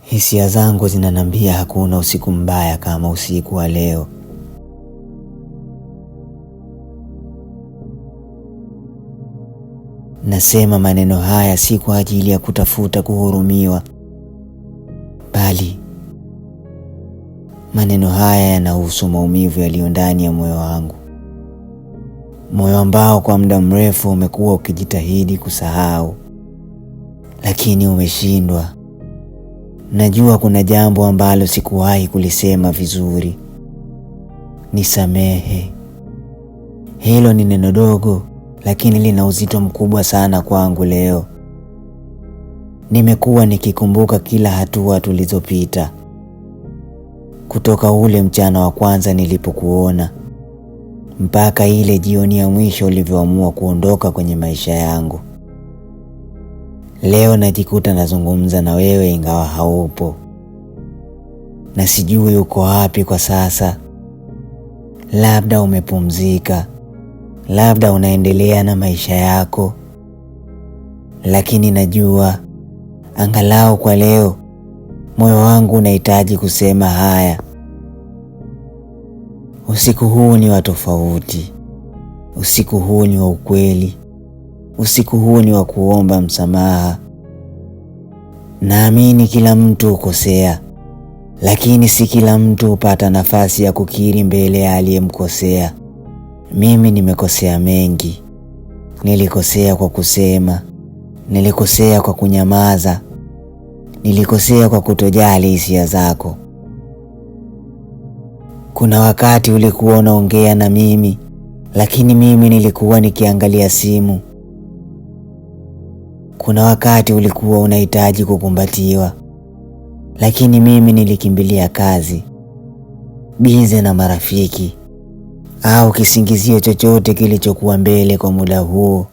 Hisia zangu zinanambia hakuna usiku mbaya kama usiku wa leo. Nasema maneno haya si kwa ajili ya kutafuta kuhurumiwa, bali maneno haya yanahusu maumivu yaliyo ndani ya moyo wangu, moyo ambao kwa muda mrefu umekuwa ukijitahidi kusahau, lakini umeshindwa. Najua kuna jambo ambalo sikuwahi kulisema vizuri. Nisamehe. Hilo ni neno dogo, lakini lina uzito mkubwa sana kwangu leo. Nimekuwa nikikumbuka kila hatua tulizopita, kutoka ule mchana wa kwanza nilipokuona mpaka ile jioni ya mwisho ulivyoamua kuondoka kwenye maisha yangu. Leo najikuta nazungumza na wewe ingawa haupo, na sijui uko wapi kwa sasa. Labda umepumzika, labda unaendelea na maisha yako, lakini najua angalau kwa leo moyo wangu unahitaji kusema haya. Usiku huu ni wa tofauti, usiku huu ni wa ukweli, Usiku huu ni wa kuomba msamaha. Naamini kila mtu hukosea, lakini si kila mtu hupata nafasi ya kukiri mbele ya aliyemkosea. Mimi nimekosea mengi. Nilikosea kwa kusema, nilikosea kwa kunyamaza, nilikosea kwa kutojali hisia zako. Kuna wakati ulikuwa unaongea na mimi, lakini mimi nilikuwa nikiangalia simu kuna wakati ulikuwa unahitaji kukumbatiwa, lakini mimi nilikimbilia kazi, bize na marafiki, au kisingizio chochote kilichokuwa mbele kwa muda huo.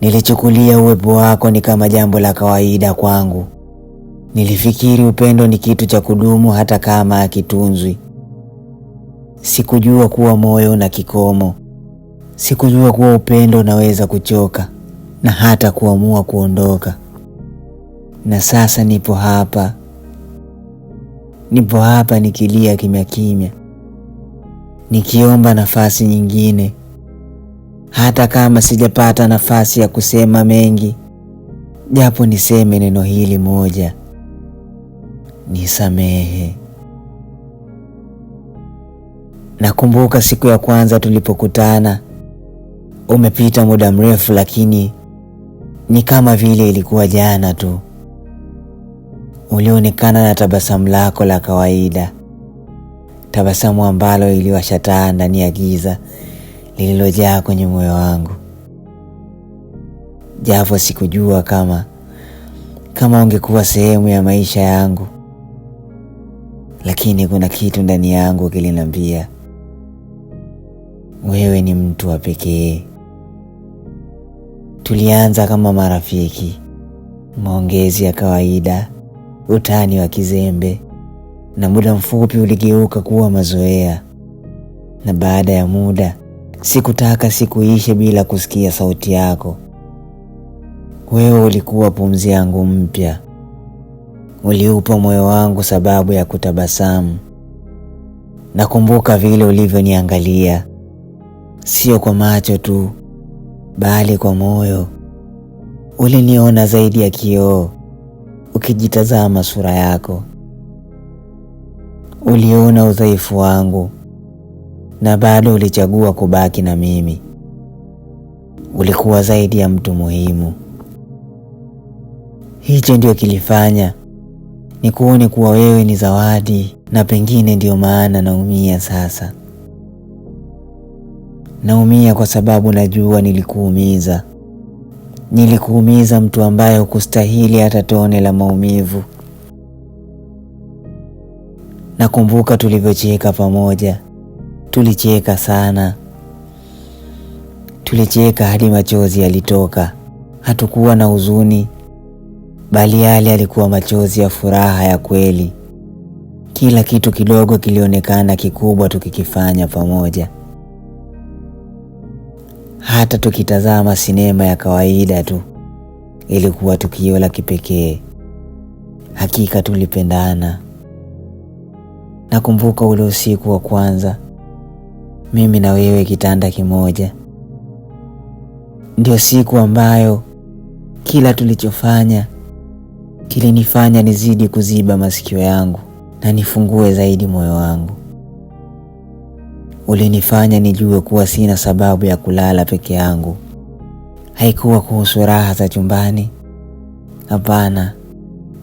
Nilichukulia uwepo wako ni kama jambo la kawaida kwangu. Nilifikiri upendo ni kitu cha kudumu hata kama hakitunzwi. Sikujua kuwa moyo una kikomo. Sikujua kuwa upendo unaweza kuchoka na hata kuamua kuondoka. Na sasa nipo hapa, nipo hapa nikilia kimya kimya, nikiomba nafasi nyingine, hata kama sijapata nafasi ya kusema mengi, japo niseme neno hili moja: nisamehe. Nakumbuka siku ya kwanza tulipokutana, umepita muda mrefu, lakini ni kama vile ilikuwa jana tu. Ulionekana na tabasamu lako la kawaida, tabasamu ambalo iliwashataa ndani ya giza lililojaa kwenye moyo wangu, japo sikujua kama kama ungekuwa sehemu ya maisha yangu, lakini kuna kitu ndani yangu kilinambia wewe ni mtu wa pekee. Tulianza kama marafiki, maongezi ya kawaida, utani wa kizembe, na muda mfupi uligeuka kuwa mazoea. Na baada ya muda, sikutaka siku ishe bila kusikia sauti yako. Wewe ulikuwa pumzi yangu mpya, uliupa moyo wangu sababu ya kutabasamu. Nakumbuka vile ulivyoniangalia, sio kwa macho tu, bali kwa moyo. Uliniona zaidi ya kioo, ukijitazama sura yako. Uliona udhaifu wangu na bado ulichagua kubaki na mimi. Ulikuwa zaidi ya mtu muhimu. Hicho ndio kilifanya nikuone kuwa wewe ni zawadi, na pengine ndio maana naumia sasa. Naumia kwa sababu najua nilikuumiza. Nilikuumiza mtu ambaye hukustahili hata tone la maumivu. Nakumbuka tulivyocheka pamoja. Tulicheka sana. Tulicheka hadi machozi yalitoka. Hatukuwa na huzuni, bali yale alikuwa machozi ya furaha ya kweli. Kila kitu kidogo kilionekana kikubwa tukikifanya pamoja hata tukitazama sinema ya kawaida tu, ilikuwa tukio la kipekee. Hakika tulipendana. Nakumbuka ule usiku wa kwanza, mimi na wewe kitanda kimoja. Ndio siku ambayo kila tulichofanya kilinifanya nizidi kuziba masikio yangu na nifungue zaidi moyo wangu. Ulinifanya nijue kuwa sina sababu ya kulala peke yangu. Haikuwa kuhusu raha za chumbani, hapana,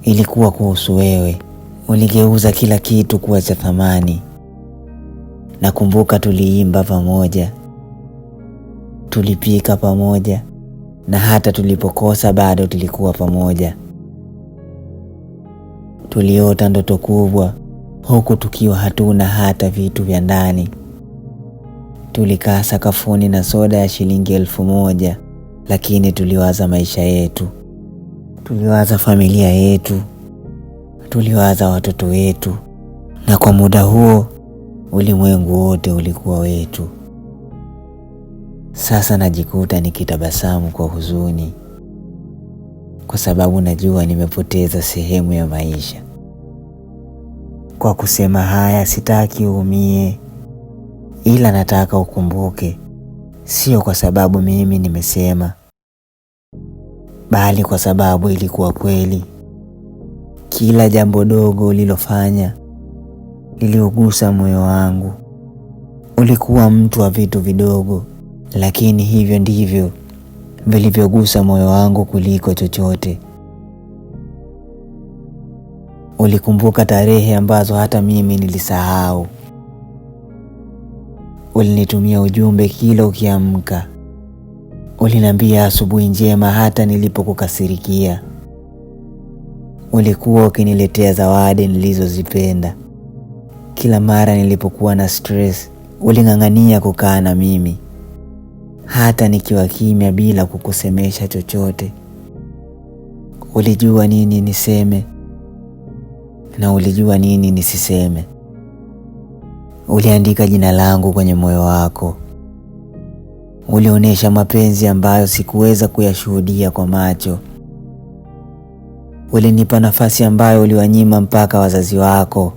ilikuwa kuhusu wewe. Uligeuza kila kitu kuwa cha thamani. Nakumbuka tuliimba pamoja, tulipika pamoja, na hata tulipokosa bado tulikuwa pamoja. Tuliota ndoto kubwa huku tukiwa hatuna hata vitu vya ndani. Tulikaa sakafuni na soda ya shilingi elfu moja, lakini tuliwaza maisha yetu, tuliwaza familia yetu, tuliwaza watoto wetu, na kwa muda huo ulimwengu wote ulikuwa wetu. Sasa najikuta nikitabasamu kwa huzuni, kwa sababu najua nimepoteza sehemu ya maisha. Kwa kusema haya, sitaki uumie ila nataka ukumbuke, sio kwa sababu mimi nimesema, bali kwa sababu ilikuwa kweli. Kila jambo dogo ulilofanya liliogusa moyo wangu. Ulikuwa mtu wa vitu vidogo, lakini hivyo ndivyo vilivyogusa moyo wangu kuliko chochote. Ulikumbuka tarehe ambazo hata mimi nilisahau ulinitumia ujumbe kila ukiamka. Uliniambia asubuhi njema hata nilipokukasirikia. Ulikuwa ukiniletea zawadi nilizozipenda. Kila mara nilipokuwa na stress, uling'ang'ania kukaa na mimi, hata nikiwa kimya bila kukusemesha chochote. Ulijua nini niseme na ulijua nini nisiseme. Uliandika jina langu kwenye moyo wako. Ulionyesha mapenzi ambayo sikuweza kuyashuhudia kwa macho. Ulinipa nafasi ambayo uliwanyima mpaka wazazi wako.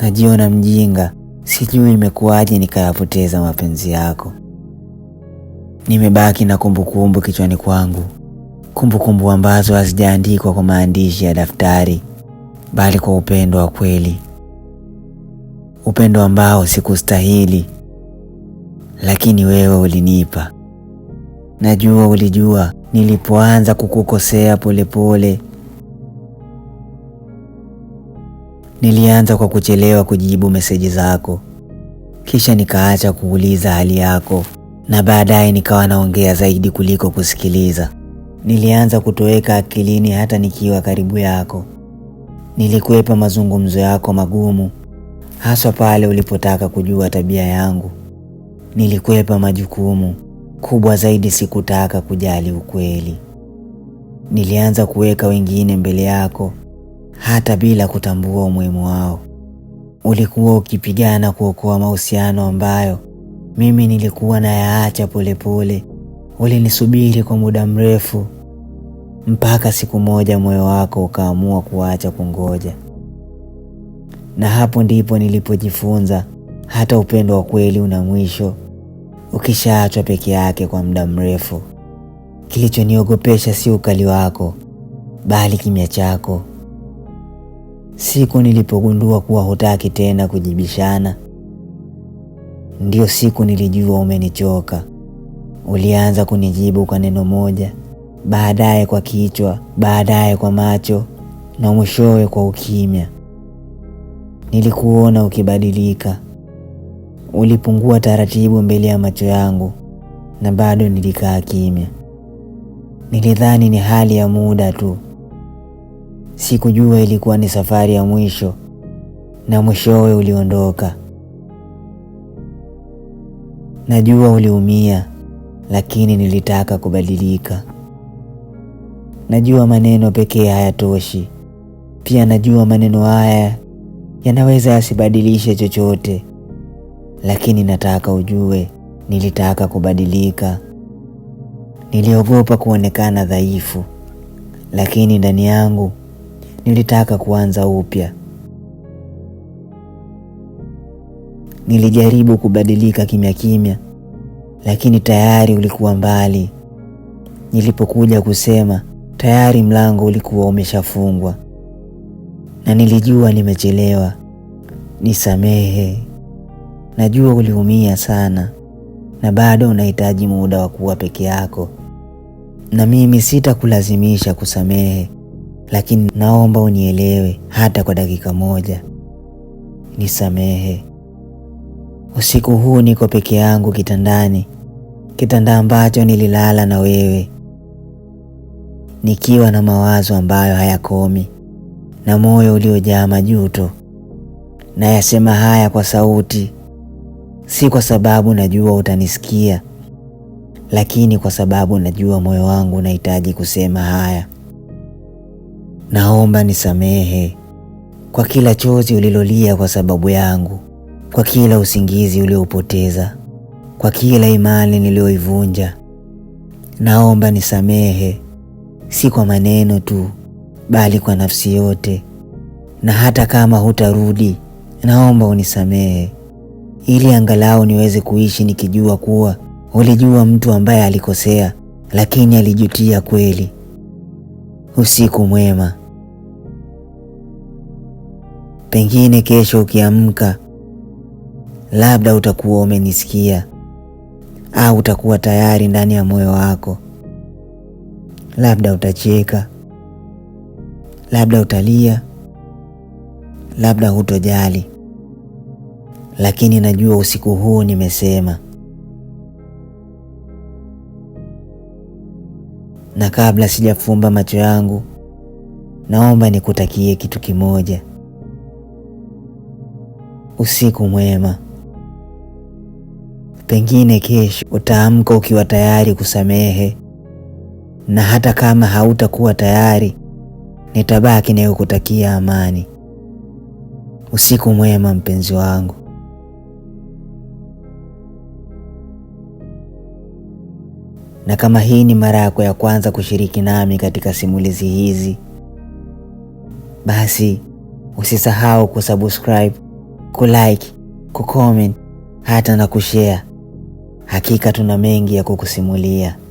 Najiona mjinga, sijui imekuwaje nikayapoteza mapenzi yako. Nimebaki na kumbukumbu kichwani kwangu, kumbukumbu ambazo hazijaandikwa kwa maandishi ya daftari, bali kwa upendo wa kweli upendo ambao sikustahili, lakini wewe ulinipa. Najua ulijua nilipoanza kukukosea polepole. Nilianza kwa kuchelewa kujibu meseji zako, kisha nikaacha kuuliza hali yako, na baadaye nikawa naongea zaidi kuliko kusikiliza. Nilianza kutoweka akilini hata nikiwa karibu yako. Nilikwepa mazungumzo yako magumu haswa pale ulipotaka kujua tabia yangu. Nilikwepa majukumu kubwa zaidi, sikutaka kujali ukweli. Nilianza kuweka wengine mbele yako hata bila kutambua umuhimu wao. Ulikuwa ukipigana kuokoa mahusiano ambayo mimi nilikuwa nayaacha polepole. Ulinisubiri kwa muda mrefu mpaka siku moja moyo wako ukaamua kuacha kungoja na hapo ndipo nilipojifunza hata upendo wa kweli una mwisho ukishaachwa peke yake kwa muda mrefu. Kilichoniogopesha si ukali wako, bali kimya chako. Siku nilipogundua kuwa hutaki tena kujibishana, ndiyo siku nilijua umenichoka. Ulianza kunijibu kwa neno moja, baadaye kwa kichwa, baadaye kwa macho, na mwishowe kwa ukimya. Nilikuona ukibadilika, ulipungua taratibu mbele ya macho yangu, na bado nilikaa kimya. Nilidhani ni hali ya muda tu, sikujua ilikuwa ni safari ya mwisho, na mwishowe uliondoka. Najua uliumia, lakini nilitaka kubadilika. Najua maneno pekee hayatoshi, pia najua maneno haya yanaweza yasibadilishe chochote, lakini nataka ujue, nilitaka kubadilika. Niliogopa kuonekana dhaifu, lakini ndani yangu nilitaka kuanza upya. Nilijaribu kubadilika kimya kimya, lakini tayari ulikuwa mbali. Nilipokuja kusema, tayari mlango ulikuwa umeshafungwa na nilijua nimechelewa. Nisamehe, najua uliumia sana na bado unahitaji muda wa kuwa peke yako, na mimi sitakulazimisha kusamehe, lakini naomba unielewe hata kwa dakika moja. Nisamehe. Usiku huu niko peke yangu kitandani, kitanda ambacho nililala na wewe, nikiwa na mawazo ambayo hayakomi na moyo uliojaa majuto. Nayasema haya kwa sauti, si kwa sababu najua utanisikia, lakini kwa sababu najua moyo wangu unahitaji kusema haya. Naomba nisamehe kwa kila chozi ulilolia kwa sababu yangu, kwa kila usingizi uliopoteza, kwa kila imani niliyoivunja. Naomba nisamehe, si kwa maneno tu, bali kwa nafsi yote, na hata kama hutarudi, naomba unisamehe, ili angalau niweze kuishi nikijua kuwa ulijua mtu ambaye alikosea lakini alijutia kweli. Usiku mwema. Pengine kesho ukiamka, labda utakuwa umenisikia au utakuwa tayari ndani ya moyo wako, labda utacheka. Labda utalia, labda hutojali, lakini najua usiku huu nimesema. Na kabla sijafumba macho yangu, naomba nikutakie kitu kimoja: usiku mwema. Pengine kesho utaamka ukiwa tayari kusamehe, na hata kama hautakuwa tayari nitabaki na kukutakia amani. Usiku mwema mpenzi wangu. Na kama hii ni mara yako ya kwanza kushiriki nami katika simulizi hizi, basi usisahau kusubscribe, kulike, kucomment hata na kushare. Hakika tuna mengi ya kukusimulia.